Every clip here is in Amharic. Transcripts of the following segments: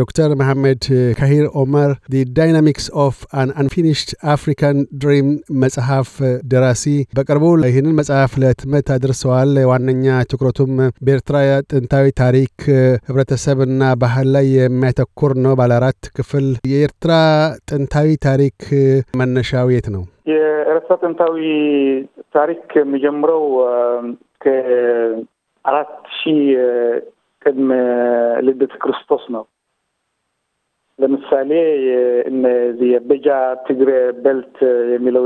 ዶክተር መሐመድ ካሂር ኦመር ዲ ዳይናሚክስ ኦፍ አን አንፊኒሽድ አፍሪካን ድሪም መጽሐፍ uh, ደራሲ በቅርቡ ይህንን መጽሐፍ ለህትመት አድርሰዋል። ዋነኛ ትኩረቱም በኤርትራ ጥንታዊ ታሪክ uh, ህብረተሰብና ባህል ላይ የሚያተኩር ነው። ባለ አራት ክፍል የኤርትራ ጥንታዊ ታሪክ መነሻው የት ነው? የኤርትራ ጥንታዊ ታሪክ የሚጀምረው uh, ከአራት ሺህ ቅድመ ልደት ክርስቶስ ነው። ለምሳሌ እነዚህ የበጃ ትግሬ በልት የሚለው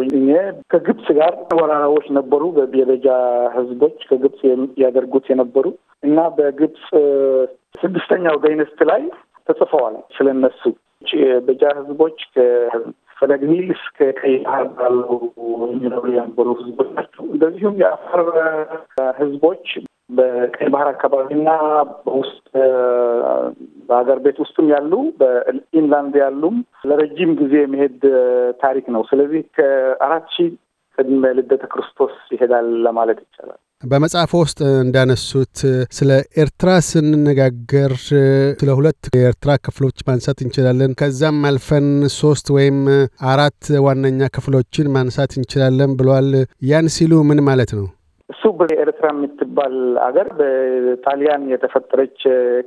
ከግብጽ ጋር ወራራዎች ነበሩ። የበጃ ህዝቦች ከግብጽ ያደርጉት የነበሩ እና በግብጽ ስድስተኛው ዳይነስቲ ላይ ተጽፈዋል። ስለነሱ የበጃ ህዝቦች ከፈለግሚል እስከ ቀይ ባህር ባለው የሚኖሩ የነበሩ ህዝቦች ናቸው። እንደዚሁም የአፋር ህዝቦች በቀይ ባህር አካባቢና በውስጥ በሀገር ቤት ውስጥም ያሉ በኢንላንድ ያሉም ለረጅም ጊዜ የሚሄድ ታሪክ ነው። ስለዚህ ከአራት ሺህ ቅድመ ልደተ ክርስቶስ ይሄዳል ለማለት ይቻላል። በመጽሐፎ ውስጥ እንዳነሱት ስለ ኤርትራ ስንነጋገር ስለ ሁለት የኤርትራ ክፍሎች ማንሳት እንችላለን። ከዛም አልፈን ሶስት ወይም አራት ዋነኛ ክፍሎችን ማንሳት እንችላለን ብሏል። ያን ሲሉ ምን ማለት ነው? እሱ በኤርትራ የምትባል ሀገር በጣሊያን የተፈጠረች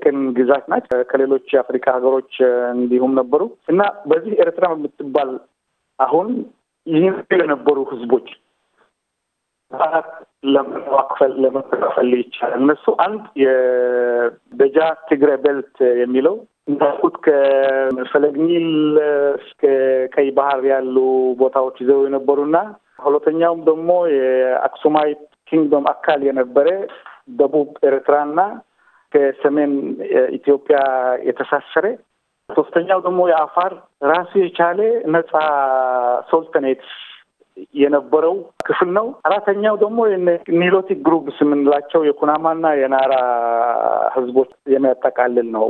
ቅኝ ግዛት ናት። ከሌሎች የአፍሪካ ሀገሮች እንዲሁም ነበሩ እና በዚህ ኤርትራ የምትባል አሁን ይህን የነበሩ ህዝቦች ለመክፈል ለመከፋፈል ይቻላል። እነሱ አንድ የበጃ ትግረ ቤልት የሚለው እንዳልኩት ከፈለግ እስከ ቀይ ባህር ያሉ ቦታዎች ይዘው የነበሩና ሁለተኛውም ደግሞ የአክሱማይት ኪንግዶም አካል የነበረ ደቡብ ኤርትራና ከሰሜን ኢትዮጵያ የተሳሰረ ሶስተኛው ደግሞ የአፋር ራሱ የቻለ ነጻ ሶልተኔት የነበረው ክፍል ነው። አራተኛው ደግሞ ኒሎቲክ ግሩፕስ የምንላቸው የኩናማና የናራ ህዝቦች የሚያጠቃልል ነው።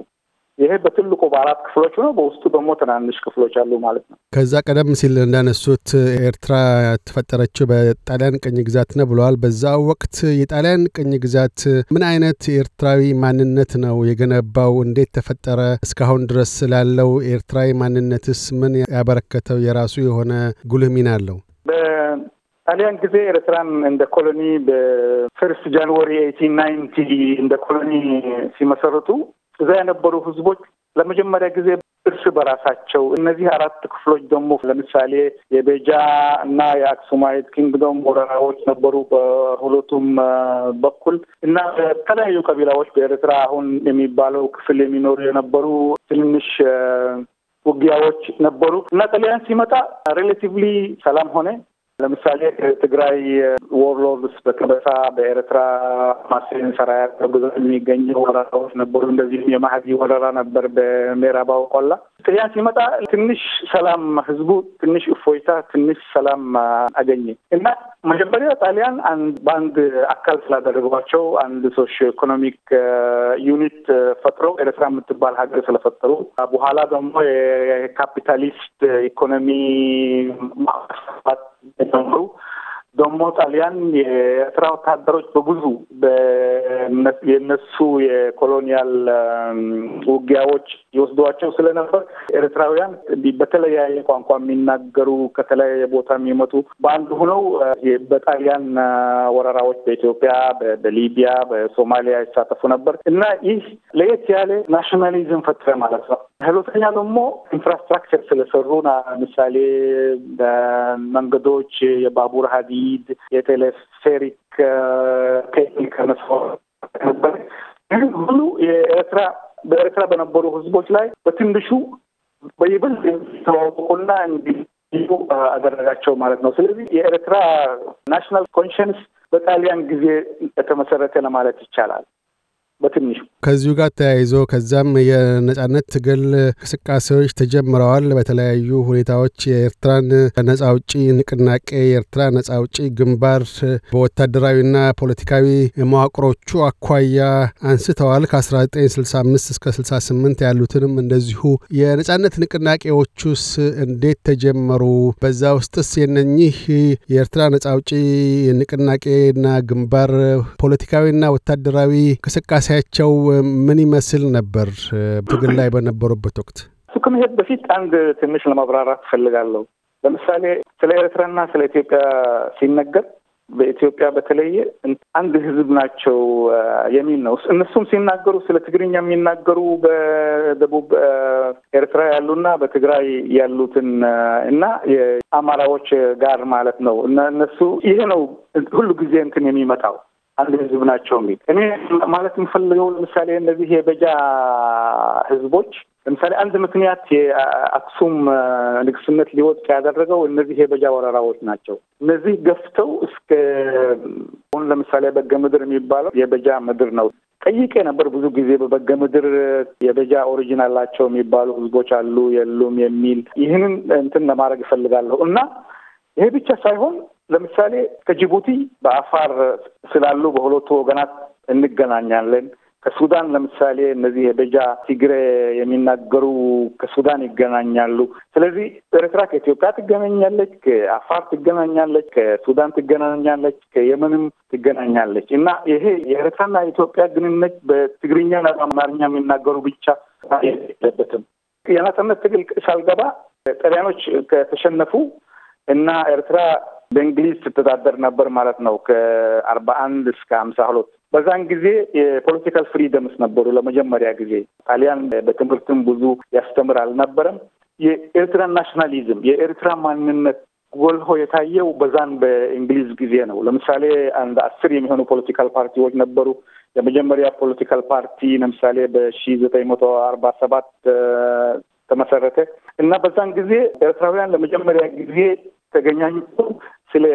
ይሄ በትልቁ በአራት ክፍሎች ነው። በውስጡ ደግሞ ትናንሽ ክፍሎች አሉ ማለት ነው። ከዛ ቀደም ሲል እንዳነሱት ኤርትራ የተፈጠረችው በጣሊያን ቅኝ ግዛት ነው ብለዋል። በዛ ወቅት የጣሊያን ቅኝ ግዛት ምን አይነት ኤርትራዊ ማንነት ነው የገነባው? እንዴት ተፈጠረ? እስካሁን ድረስ ስላለው ኤርትራዊ ማንነትስ ምን ያበረከተው የራሱ የሆነ ጉልህ ሚና አለው? ጣሊያን ጊዜ ኤርትራን እንደ ኮሎኒ በፍርስት ጃንዋሪ ኤቲን ናይንቲ እንደ ኮሎኒ ሲመሰርቱ እዛ የነበሩ ህዝቦች ለመጀመሪያ ጊዜ እርስ በራሳቸው እነዚህ አራት ክፍሎች ደግሞ ለምሳሌ የቤጃ እና የአክሱማይት ኪንግዶም ወረራዎች ነበሩ በሁለቱም በኩል እና በተለያዩ ቀቢላዎች በኤርትራ አሁን የሚባለው ክፍል የሚኖሩ የነበሩ ትንንሽ ውጊያዎች ነበሩ እና ጣሊያን ሲመጣ ሬሌቲቭሊ ሰላም ሆነ። ለምሳሌ ትግራይ ወርሎድስ በከበሳ በኤርትራ ማሴን ሰራያ ተጉዘ የሚገኙ ወረራዎች ነበሩ። እንደዚሁም የማህዲ ወረራ ነበር በምዕራባዊ ቆላ ያ ሲመጣ ትንሽ ሰላም ህዝቡ ትንሽ እፎይታ ትንሽ ሰላም አገኘ እና መጀመሪያ ጣሊያን በአንድ አካል ስላደረጓቸው አንድ ሶሽ ኢኮኖሚክ ዩኒት ፈጥረው ኤርትራ የምትባል ሀገር ስለፈጠሩ በኋላ ደግሞ የካፒታሊስት ኢኮኖሚ ጀምሩ ደግሞ ጣሊያን የኤርትራ ወታደሮች በብዙ የእነሱ የኮሎኒያል ውጊያዎች ይወስዷቸው ስለነበር ኤርትራውያን በተለያየ ቋንቋ የሚናገሩ ከተለያየ ቦታ የሚመጡ በአንድ ሆነው በጣሊያን ወረራዎች በኢትዮጵያ፣ በሊቢያ፣ በሶማሊያ ይሳተፉ ነበር እና ይህ ለየት ያለ ናሽናሊዝም ፈጥረ ማለት ነው። ሁለተኛ ደግሞ ኢንፍራስትራክቸር ስለሰሩ ምሳሌ በመንገዶች የባቡር ሀዲድ፣ የቴሌፌሪክ ቴክኒክ መስፋ ሁሉ የኤርትራ በኤርትራ በነበሩ ህዝቦች ላይ በትንሹ በይበልጥ ተዋወቁና እንዲሁ አደረጋቸው ማለት ነው። ስለዚህ የኤርትራ ናሽናል ኮንሽንስ በጣሊያን ጊዜ የተመሰረተ ለማለት ይቻላል። በትንሹ ከዚሁ ጋር ተያይዞ ከዛም የነጻነት ትግል እንቅስቃሴዎች ተጀምረዋል። በተለያዩ ሁኔታዎች የኤርትራን ነጻ አውጪ ንቅናቄ የኤርትራ ነጻ አውጪ ግንባር በወታደራዊና ፖለቲካዊ መዋቅሮቹ አኳያ አንስተዋል። ከ1965 እስከ 68 ያሉትንም እንደዚሁ። የነጻነት ንቅናቄዎቹስ እንዴት ተጀመሩ? በዛ ውስጥስ የነኚህ የኤርትራ ነጻ አውጪ ንቅናቄና ግንባር ፖለቲካዊና ወታደራዊ እንቅስቃሴ እንቅስቃሴያቸው ምን ይመስል ነበር ትግል ላይ በነበሩበት ወቅት? እሱ ከመሄድ በፊት አንድ ትንሽ ለማብራራት እፈልጋለሁ። ለምሳሌ ስለ ኤርትራና ስለ ኢትዮጵያ ሲነገር በኢትዮጵያ በተለየ አንድ ህዝብ ናቸው የሚል ነው። እነሱም ሲናገሩ ስለ ትግርኛ የሚናገሩ በደቡብ ኤርትራ ያሉና በትግራይ ያሉትን እና የአማራዎች ጋር ማለት ነው። እነሱ ይሄ ነው ሁሉ ጊዜ እንትን የሚመጣው አንድ ህዝብ ናቸው የሚል እኔ ማለት የምፈልገው ለምሳሌ እነዚህ የበጃ ህዝቦች ለምሳሌ አንድ ምክንያት የአክሱም ንግስነት ሊወጥ ያደረገው እነዚህ የበጃ ወረራዎች ናቸው። እነዚህ ገፍተው እስከ አሁን ለምሳሌ በገ ምድር የሚባለው የበጃ ምድር ነው። ጠይቄ ነበር ብዙ ጊዜ በበገ ምድር የበጃ ኦሪጂን አላቸው የሚባሉ ህዝቦች አሉ የሉም የሚል ይህንን እንትን ለማድረግ እፈልጋለሁ እና ይሄ ብቻ ሳይሆን ለምሳሌ ከጅቡቲ በአፋር ስላሉ በሁለቱ ወገናት እንገናኛለን። ከሱዳን ለምሳሌ እነዚህ የደጃ ትግሬ የሚናገሩ ከሱዳን ይገናኛሉ። ስለዚህ ኤርትራ ከኢትዮጵያ ትገናኛለች፣ ከአፋር ትገናኛለች፣ ከሱዳን ትገናኛለች፣ ከየመንም ትገናኛለች እና ይሄ የኤርትራና የኢትዮጵያ ግንኙነት በትግርኛና በአማርኛ የሚናገሩ ብቻ የለበትም። የነጻነት ትግል ሳልገባ ጣሊያኖች ከተሸነፉ እና ኤርትራ በእንግሊዝ ስተዳደር ነበር ማለት ነው ከአርባ አንድ እስከ ሀምሳ ሁለት በዛን ጊዜ የፖለቲካል ፍሪደምስ ነበሩ። ለመጀመሪያ ጊዜ ጣሊያን በትምህርትም ብዙ ያስተምር አልነበረም። የኤርትራ ናሽናሊዝም የኤርትራ ማንነት ጎልሆ የታየው በዛን በእንግሊዝ ጊዜ ነው። ለምሳሌ አንድ አስር የሚሆኑ ፖለቲካል ፓርቲዎች ነበሩ። የመጀመሪያ ፖለቲካል ፓርቲ ለምሳሌ በሺ ዘጠኝ መቶ አርባ ሰባት ተመሰረተ እና በዛን ጊዜ ኤርትራውያን ለመጀመሪያ ጊዜ ተገናኝተው ስለ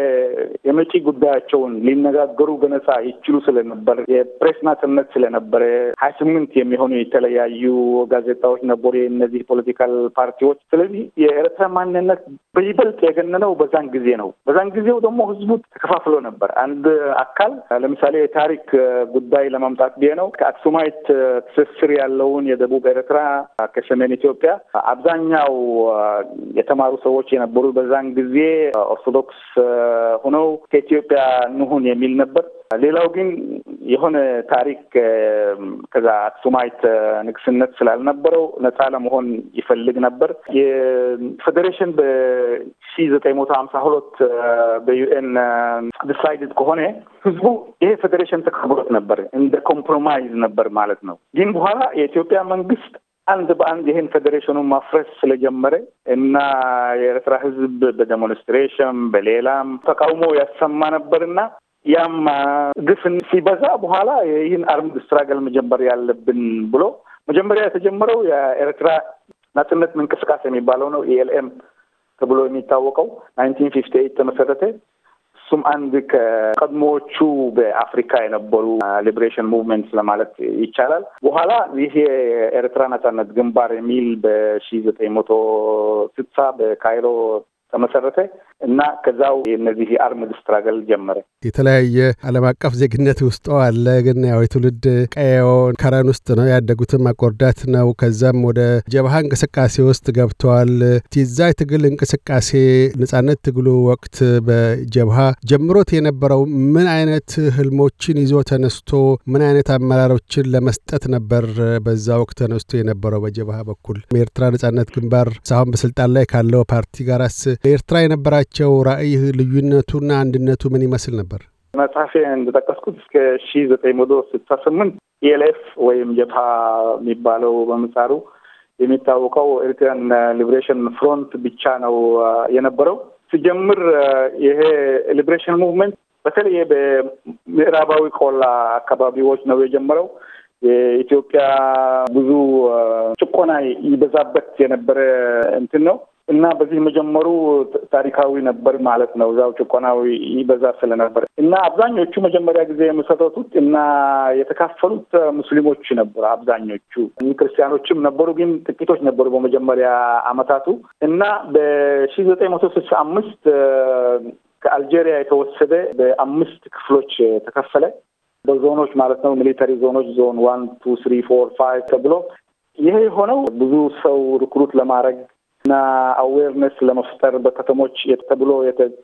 የመጪ ጉዳያቸውን ሊነጋገሩ በነጻ ይችሉ ስለነበር የፕሬስ ናጽነት ስለነበረ ሀያ ስምንት የሚሆኑ የተለያዩ ጋዜጣዎች ነበሩ እነዚህ ፖለቲካል ፓርቲዎች። ስለዚህ የኤርትራ ማንነት በይበልጥ የገነነው በዛን ጊዜ ነው። በዛን ጊዜው ደግሞ ህዝቡ ተከፋፍሎ ነበር። አንድ አካል ለምሳሌ የታሪክ ጉዳይ ለማምጣት ብዬ ነው ከአክሱማይት ትስስር ያለውን የደቡብ ኤርትራ ከሰሜን ኢትዮጵያ አብዛኛው የተማሩ ሰዎች የነበሩ በዛን ጊዜ ኦርቶዶክስ ሆነው ከኢትዮጵያ እንሁን የሚል ነበር። ሌላው ግን የሆነ ታሪክ ከዛ አክሱማይት ንግስነት ስላልነበረው ነጻ ለመሆን ይፈልግ ነበር። የፌዴሬሽን በሺ ዘጠኝ መቶ ሀምሳ ሁለት በዩኤን ዲሳይድድ ከሆነ ህዝቡ ይሄ ፌዴሬሽን ተቀብሎት ነበር እንደ ኮምፕሮማይዝ ነበር ማለት ነው። ግን በኋላ የኢትዮጵያ መንግስት አንድ በአንድ ይህን ፌዴሬሽኑን ማፍረስ ስለጀመረ እና የኤርትራ ህዝብ በዴሞንስትሬሽን በሌላም ተቃውሞ ያሰማ ነበርና ያም ግፍን ሲበዛ በኋላ ይህን አርምድ ስትራገል መጀመር ያለብን ብሎ መጀመሪያ የተጀመረው የኤርትራ ናጽነት እንቅስቃሴ የሚባለው ነው። ኢኤልኤም ተብሎ የሚታወቀው ናይንቲን ፊፍቲ ኤይት ተመሰረተ። እሱም አንድ ከቀድሞዎቹ በአፍሪካ የነበሩ ሊብሬሽን uh, ሙቭመንት ለማለት ይቻላል። በኋላ ይህ የኤርትራ ነጻነት ግንባር የሚል በሺ ዘጠኝ መቶ ስልሳ በካይሮ ተመሰረተ እና ከዛው የነዚህ የአርምድ ስትራገል ጀመረ። የተለያየ ዓለም አቀፍ ዜግነት ውስጦ አለ። ግን ያው የትውልድ ቀየውን ከረን ውስጥ ነው ያደጉትም አቆርዳት ነው። ከዛም ወደ ጀብሃ እንቅስቃሴ ውስጥ ገብተዋል። ቲዛ ትግል እንቅስቃሴ ነጻነት ትግሉ ወቅት በጀብሃ ጀምሮት የነበረው ምን አይነት ህልሞችን ይዞ ተነስቶ ምን አይነት አመራሮችን ለመስጠት ነበር በዛ ወቅት ተነስቶ የነበረው በጀብሃ በኩል የኤርትራ ነጻነት ግንባር ሳሁን በስልጣን ላይ ካለው ፓርቲ ጋራስ ለኤርትራ የነበራቸው ራዕይ ልዩነቱና አንድነቱ ምን ይመስል ነበር? መጽሐፌ እንደጠቀስኩት እስከ ሺ ዘጠኝ መቶ ስልሳ ስምንት ኢኤልኤፍ ወይም ጀፓ የሚባለው በምጻሩ የሚታወቀው ኤርትራን ሊብሬሽን ፍሮንት ብቻ ነው የነበረው። ሲጀምር ይሄ ሊብሬሽን ሙቭመንት በተለይ በምዕራባዊ ቆላ አካባቢዎች ነው የጀመረው። የኢትዮጵያ ብዙ ጭቆና ይበዛበት የነበረ እንትን ነው። እና በዚህ መጀመሩ ታሪካዊ ነበር ማለት ነው። እዛው ጭቆናዊ ይበዛ ስለነበር እና አብዛኞቹ መጀመሪያ ጊዜ የመሰረቱት እና የተካፈሉት ሙስሊሞች ነበሩ። አብዛኞቹ ክርስቲያኖችም ነበሩ፣ ግን ጥቂቶች ነበሩ በመጀመሪያ አመታቱ እና በሺ ዘጠኝ መቶ ስልሳ አምስት ከአልጄሪያ የተወሰደ በአምስት ክፍሎች ተከፈለ በዞኖች ማለት ነው። ሚሊተሪ ዞኖች ዞን ዋን ቱ ስሪ ፎር ፋይቭ ተብሎ ይሄ የሆነው ብዙ ሰው ሪክሩት ለማድረግ እና አዌርነስ ለመፍጠር በከተሞች ተብሎ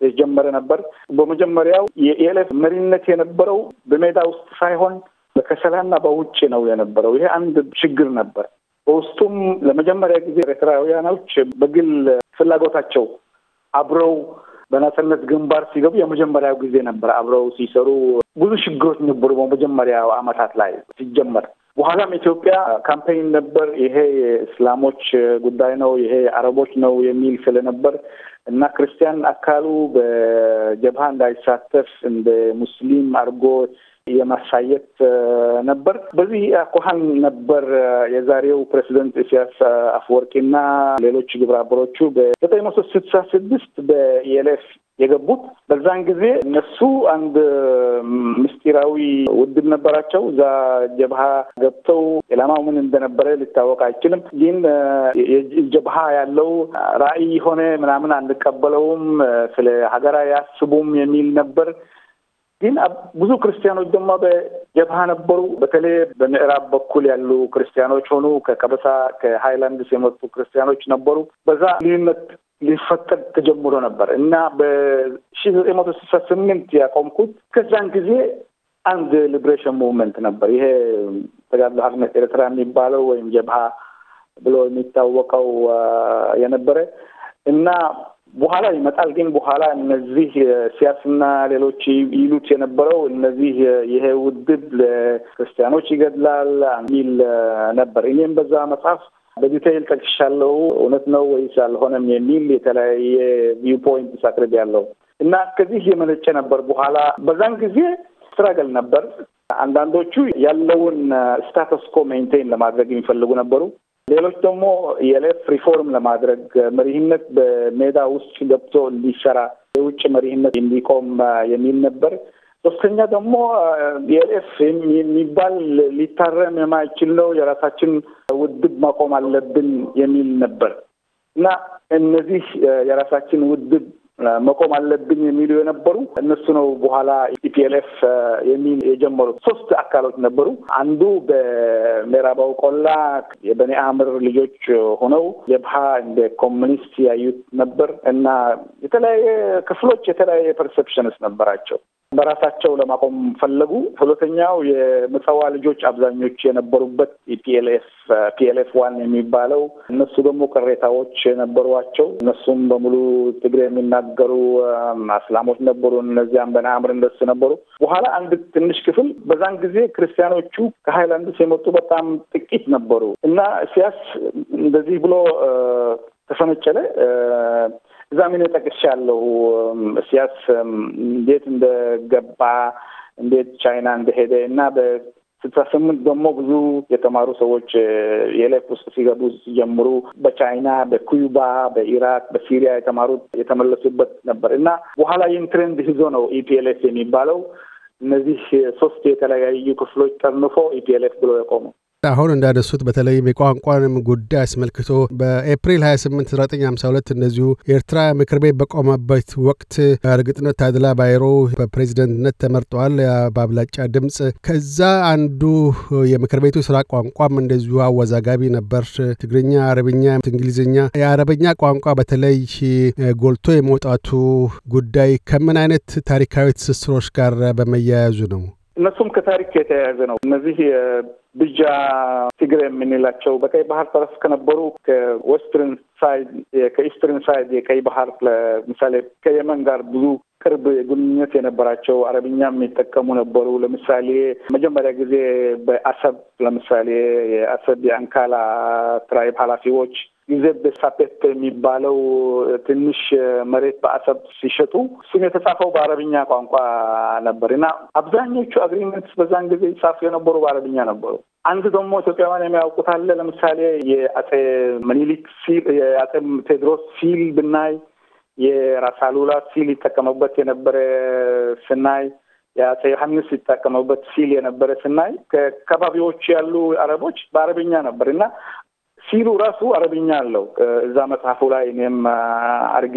የጀመረ ነበር። በመጀመሪያው የኤሌፍ መሪነት የነበረው በሜዳ ውስጥ ሳይሆን በከሰላና በውጭ ነው የነበረው። ይሄ አንድ ችግር ነበር። በውስጡም ለመጀመሪያ ጊዜ ኤርትራውያኖች በግል ፍላጎታቸው አብረው በነጻነት ግንባር ሲገቡ የመጀመሪያው ጊዜ ነበር። አብረው ሲሰሩ ብዙ ችግሮች ነበሩ በመጀመሪያው አመታት ላይ ሲጀመር በኋላም ኢትዮጵያ ካምፔይን ነበር። ይሄ የእስላሞች ጉዳይ ነው፣ ይሄ የአረቦች ነው የሚል ስለነበር እና ክርስቲያን አካሉ በጀብሃ እንዳይሳተፍ እንደ ሙስሊም አድርጎ የማሳየት ነበር። በዚህ አኳኋን ነበር የዛሬው ፕሬዚደንት ኢሳያስ አፈወርቂና ሌሎች ግብረ አበሮቹ በዘጠኝ መቶ ስልሳ ስድስት በኢኤልኤፍ የገቡት። በዛን ጊዜ እነሱ አንድ ምስጢራዊ ውድብ ነበራቸው። እዛ ጀብሃ ገብተው ኢላማው ምን እንደነበረ ሊታወቅ አይችልም። ግን ጀብሃ ያለው ራዕይ ሆነ ምናምን አንቀበለውም፣ ስለ ሀገር አያስቡም የሚል ነበር። ግን ብዙ ክርስቲያኖች ደግሞ በጀብሃ ነበሩ። በተለይ በምዕራብ በኩል ያሉ ክርስቲያኖች ሆኑ ከቀበሳ ከሃይላንድስ የመጡ ክርስቲያኖች ነበሩ። በዛ ልዩነት ሊፈቀድ ተጀምሮ ነበር እና በሺ ዘጠኝ መቶ ስልሳ ስምንት ያቆምኩት ከዛን ጊዜ አንድ ሊብሬሽን ሙቭመንት ነበር። ይሄ ተጋድሎ ሀርነት ኤርትራ የሚባለው ወይም ጀብሃ ብሎ የሚታወቀው የነበረ እና በኋላ ይመጣል። ግን በኋላ እነዚህ ሲያስና ሌሎች ይሉት የነበረው እነዚህ ይሄ ውድብ ለክርስቲያኖች ይገድላል የሚል ነበር። እኔም በዛ መጽሐፍ በዲቴይል ጠቅሻለው እውነት ነው ወይስ አልሆነም የሚል የተለያየ ቪው ፖይንት ሳቅርብ ያለው እና ከዚህ የመነጨ ነበር። በኋላ በዛን ጊዜ ስትራገል ነበር። አንዳንዶቹ ያለውን ስታተስ ኮ ሜንቴን ለማድረግ የሚፈልጉ ነበሩ። ሌሎች ደግሞ የሌፍ ሪፎርም ለማድረግ መሪህነት በሜዳ ውስጥ ገብቶ እንዲሰራ የውጭ መሪህነት እንዲቆም የሚል ነበር። ሶስተኛ ደግሞ የኤፍ የሚባል ሊታረም የማይችል ነው፣ የራሳችን ውድብ ማቆም አለብን የሚል ነበር እና እነዚህ የራሳችን ውድብ መቆም አለብን የሚሉ የነበሩ እነሱ ነው በኋላ ኢፒኤልኤፍ የሚል የጀመሩት። ሶስት አካሎች ነበሩ። አንዱ በምዕራባዊ ቆላ የበኔ አምር ልጆች ሆነው ጀብሃ እንደ ኮሚኒስት ያዩት ነበር እና የተለያየ ክፍሎች የተለያየ ፐርሰፕሽንስ ነበራቸው። በራሳቸው ለማቆም ፈለጉ። ሁለተኛው የምጽዋ ልጆች አብዛኞች የነበሩበት ፒኤልኤፍ ፒኤልኤፍ ዋን የሚባለው እነሱ ደግሞ ቅሬታዎች የነበሯቸው እነሱም በሙሉ ትግሬ የሚናገሩ አስላሞች ነበሩ። እነዚያም በናምር እንደሱ ነበሩ። በኋላ አንድ ትንሽ ክፍል በዛን ጊዜ ክርስቲያኖቹ ከሀይላንድስ የመጡ በጣም ጥቂት ነበሩ እና ሲያስ እንደዚህ ብሎ ተፈነጨለ። እዛ ምን ጠቅሻለሁ። ሲያስ እንዴት እንደገባ እንዴት ቻይና እንደሄደ እና በስልሳ ስምንት ደግሞ ብዙ የተማሩ ሰዎች የሌፍ ውስጥ ሲገቡ ሲጀምሩ በቻይና፣ በኩባ፣ በኢራቅ፣ በሲሪያ የተማሩት የተመለሱበት ነበር እና በኋላ ይህን ትሬንድ ይዞ ነው ኢፒኤልኤፍ የሚባለው እነዚህ ሶስት የተለያዩ ክፍሎች ጠርንፎ ኢፒኤልኤፍ ብሎ የቆሙ አሁን እንዳነሱት በተለይም የቋንቋንም ጉዳይ አስመልክቶ በኤፕሪል 28 1952 እንደዚሁ የኤርትራ ምክር ቤት በቆመበት ወቅት እርግጥነት ታድላ ባይሮ በፕሬዚደንትነት ተመርጠዋል በአብላጫ ድምፅ። ከዛ አንዱ የምክር ቤቱ ስራ ቋንቋም እንደዚሁ አወዛጋቢ ነበር። ትግርኛ፣ አረብኛ፣ እንግሊዝኛ የአረብኛ ቋንቋ በተለይ ጎልቶ የመውጣቱ ጉዳይ ከምን አይነት ታሪካዊ ትስስሮች ጋር በመያያዙ ነው? እነሱም ከታሪክ የተያያዘ ነው። እነዚህ የብጃ ትግሬ የምንላቸው በቀይ ባህር ጠረፍ ከነበሩ ከዌስትርን ሳይድ ከኢስትርን ሳይድ የቀይ ባህር ለምሳሌ ከየመን ጋር ብዙ ቅርብ ግንኙነት የነበራቸው አረብኛ የሚጠቀሙ ነበሩ። ለምሳሌ መጀመሪያ ጊዜ በአሰብ ለምሳሌ የአሰብ የአንካላ ትራይብ ኃላፊዎች ጊዜ በሳፔት የሚባለው ትንሽ መሬት በአሰብ ሲሸጡ ስም የተጻፈው በአረብኛ ቋንቋ ነበር እና አብዛኞቹ አግሪመንት በዛን ጊዜ ይጻፉ የነበሩ በአረብኛ ነበሩ። አንድ ደግሞ ኢትዮጵያውያን የሚያውቁት አለ። ለምሳሌ የአጼ ምኒልክ ሲል፣ የአጼ ቴዎድሮስ ሲል ብናይ የራስ አሉላ ሲል ይጠቀመበት የነበረ ስናይ የአጼ ዮሐንስ ይጠቀመበት ሲል የነበረ ስናይ ከአካባቢዎች ያሉ አረቦች በአረብኛ ነበር እና ሲሉ ራሱ አረብኛ አለው እዛ መጽሐፉ ላይ እኔም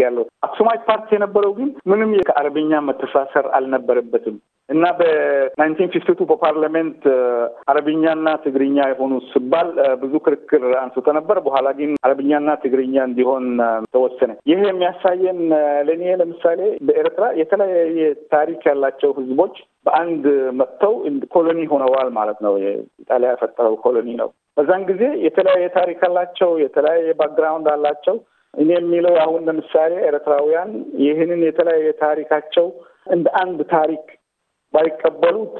ያለው አክሱማዊት ፓርቲ የነበረው ግን ምንም ከአረብኛ መተሳሰር አልነበረበትም። እና በናይንቲን ፊፍቲቱ በፓርላሜንት አረብኛና ትግርኛ የሆኑ ስባል ብዙ ክርክር አንስቶ ነበር። በኋላ ግን አረብኛና ትግርኛ እንዲሆን ተወሰነ። ይህ የሚያሳየን ለእኔ ለምሳሌ በኤርትራ የተለያየ ታሪክ ያላቸው ህዝቦች በአንድ መጥተው ኮሎኒ ሆነዋል ማለት ነው። ኢጣሊያ የፈጠረው ኮሎኒ ነው። በዛን ጊዜ የተለያየ ታሪክ አላቸው፣ የተለያየ ባክግራውንድ አላቸው። እኔ የሚለው አሁን ለምሳሌ ኤርትራውያን ይህንን የተለያየ ታሪካቸው እንደ አንድ ታሪክ ባይቀበሉት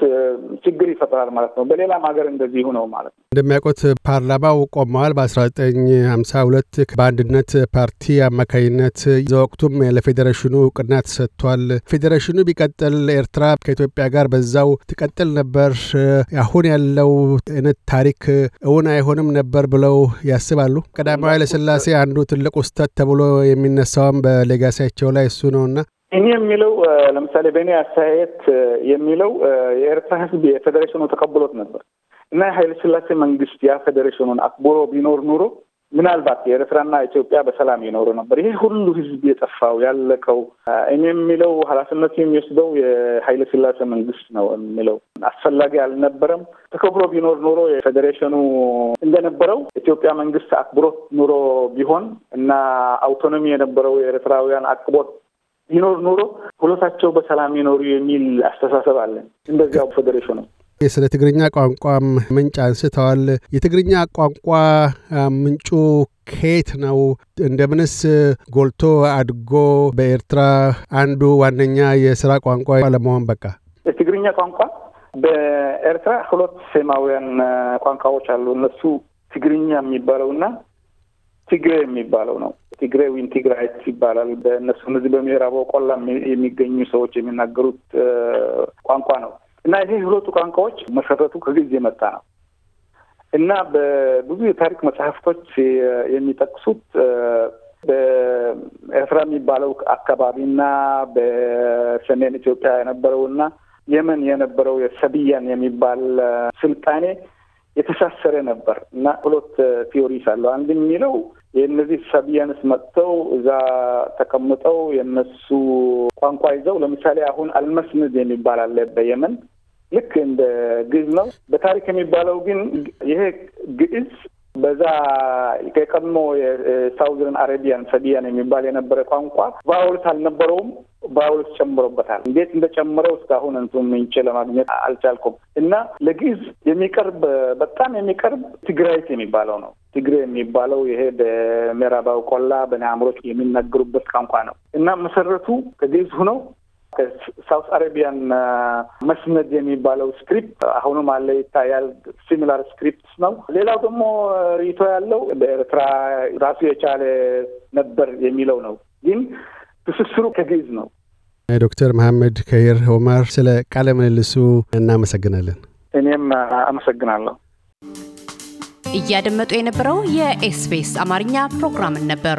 ችግር ይፈጠራል ማለት ነው። በሌላም ሀገር እንደዚህ ነው ማለት ነው። እንደሚያውቁት ፓርላማው ቆመዋል። በአስራ ዘጠኝ ሀምሳ ሁለት በአንድነት ፓርቲ አማካኝነት ዘወቅቱም ለፌዴሬሽኑ እውቅና ተሰጥቷል። ፌዴሬሽኑ ቢቀጥል ኤርትራ ከኢትዮጵያ ጋር በዛው ትቀጥል ነበር። አሁን ያለው አይነት ታሪክ እውን አይሆንም ነበር ብለው ያስባሉ። ቀዳማዊ ኃይለሥላሴ አንዱ ትልቅ ውስተት ተብሎ የሚነሳውም በሌጋሲያቸው ላይ እሱ ነውና ይህ የሚለው ለምሳሌ በእኔ አስተያየት የሚለው የኤርትራ ህዝብ የፌዴሬሽኑ ተቀብሎት ነበር እና ስላሴ መንግስት ያ ፌዴሬሽኑን አክብሮ ቢኖር ኑሮ ምናልባት የኤርትራና ኢትዮጵያ በሰላም ይኖሩ ነበር። ይሄ ሁሉ ህዝብ የጠፋው ያለቀው እኔ የሚለው ኃላፊነቱ የሚወስደው ስላሴ መንግስት ነው የሚለው አስፈላጊ አልነበረም። ተከብሮ ቢኖር ኑሮ የፌዴሬሽኑ እንደነበረው ኢትዮጵያ መንግስት አክብሮት ኑሮ ቢሆን እና አውቶኖሚ የነበረው የኤርትራውያን አቅቦት ይኖር ኖሮ ሁለታቸው በሰላም ይኖሩ የሚል አስተሳሰብ አለን። እንደዚያው ፌዴሬሽኑ ስለ ትግርኛ ቋንቋም ምንጭ አንስተዋል። የትግርኛ ቋንቋ ምንጩ ከየት ነው? እንደምንስ ጎልቶ አድጎ በኤርትራ አንዱ ዋነኛ የስራ ቋንቋ ለመሆን በቃ? የትግርኛ ቋንቋ በኤርትራ ሁለት ሴማውያን ቋንቋዎች አሉ። እነሱ ትግርኛ የሚባለውና ትግሬ የሚባለው ነው። ትግሬ ወይም ትግራይት ይባላል። በእነሱ እነዚህ በምዕራቡ ቆላ የሚገኙ ሰዎች የሚናገሩት ቋንቋ ነው እና ይህ ሁለቱ ቋንቋዎች መሰረቱ ከጊዜ የመጣ ነው እና በብዙ የታሪክ መጽሐፍቶች የሚጠቅሱት በኤርትራ የሚባለው አካባቢና በሰሜን ኢትዮጵያ የነበረውና የመን የነበረው የሰብያን የሚባል ስልጣኔ የተሳሰረ ነበር እና ሁለት ቲዮሪስ አለው። አንድ የሚለው የእነዚህ ሳቢያንስ መጥተው እዛ ተቀምጠው የነሱ ቋንቋ ይዘው ለምሳሌ አሁን አልመስንድ የሚባል አለ በየመን ልክ እንደ ግዕዝ ነው። በታሪክ የሚባለው ግን ይሄ ግዕዝ በዛ የቀድሞ የሳውዝን አረቢያን ሰቢያን የሚባል የነበረ ቋንቋ ቫውልስ አልነበረውም። ቫውልስ ጨምሮበታል። እንዴት እንደጨምረው እስካሁን እንቱ ምንጭ ለማግኘት አልቻልኩም። እና ለግዕዝ የሚቀርብ በጣም የሚቀርብ ትግራይት የሚባለው ነው። ትግሬ የሚባለው ይሄ በምዕራባዊ ቆላ በናምሮች የሚናገሩበት ቋንቋ ነው እና መሰረቱ ከግዕዝ ሁነው ከሳውት አረቢያን መስነድ የሚባለው ስክሪፕት አሁንም አለ ይታያል። ሲሚላር ስክሪፕት ነው። ሌላው ደግሞ ሪቶ ያለው በኤርትራ ራሱ የቻለ ነበር የሚለው ነው። ግን ትስስሩ ከግዕዝ ነው። ዶክተር መሐመድ ከይር ኦማር ስለ ቃለ ምልልሱ እናመሰግናለን። እኔም አመሰግናለሁ። እያደመጡ የነበረው የኤስቢኤስ አማርኛ ፕሮግራምን ነበር።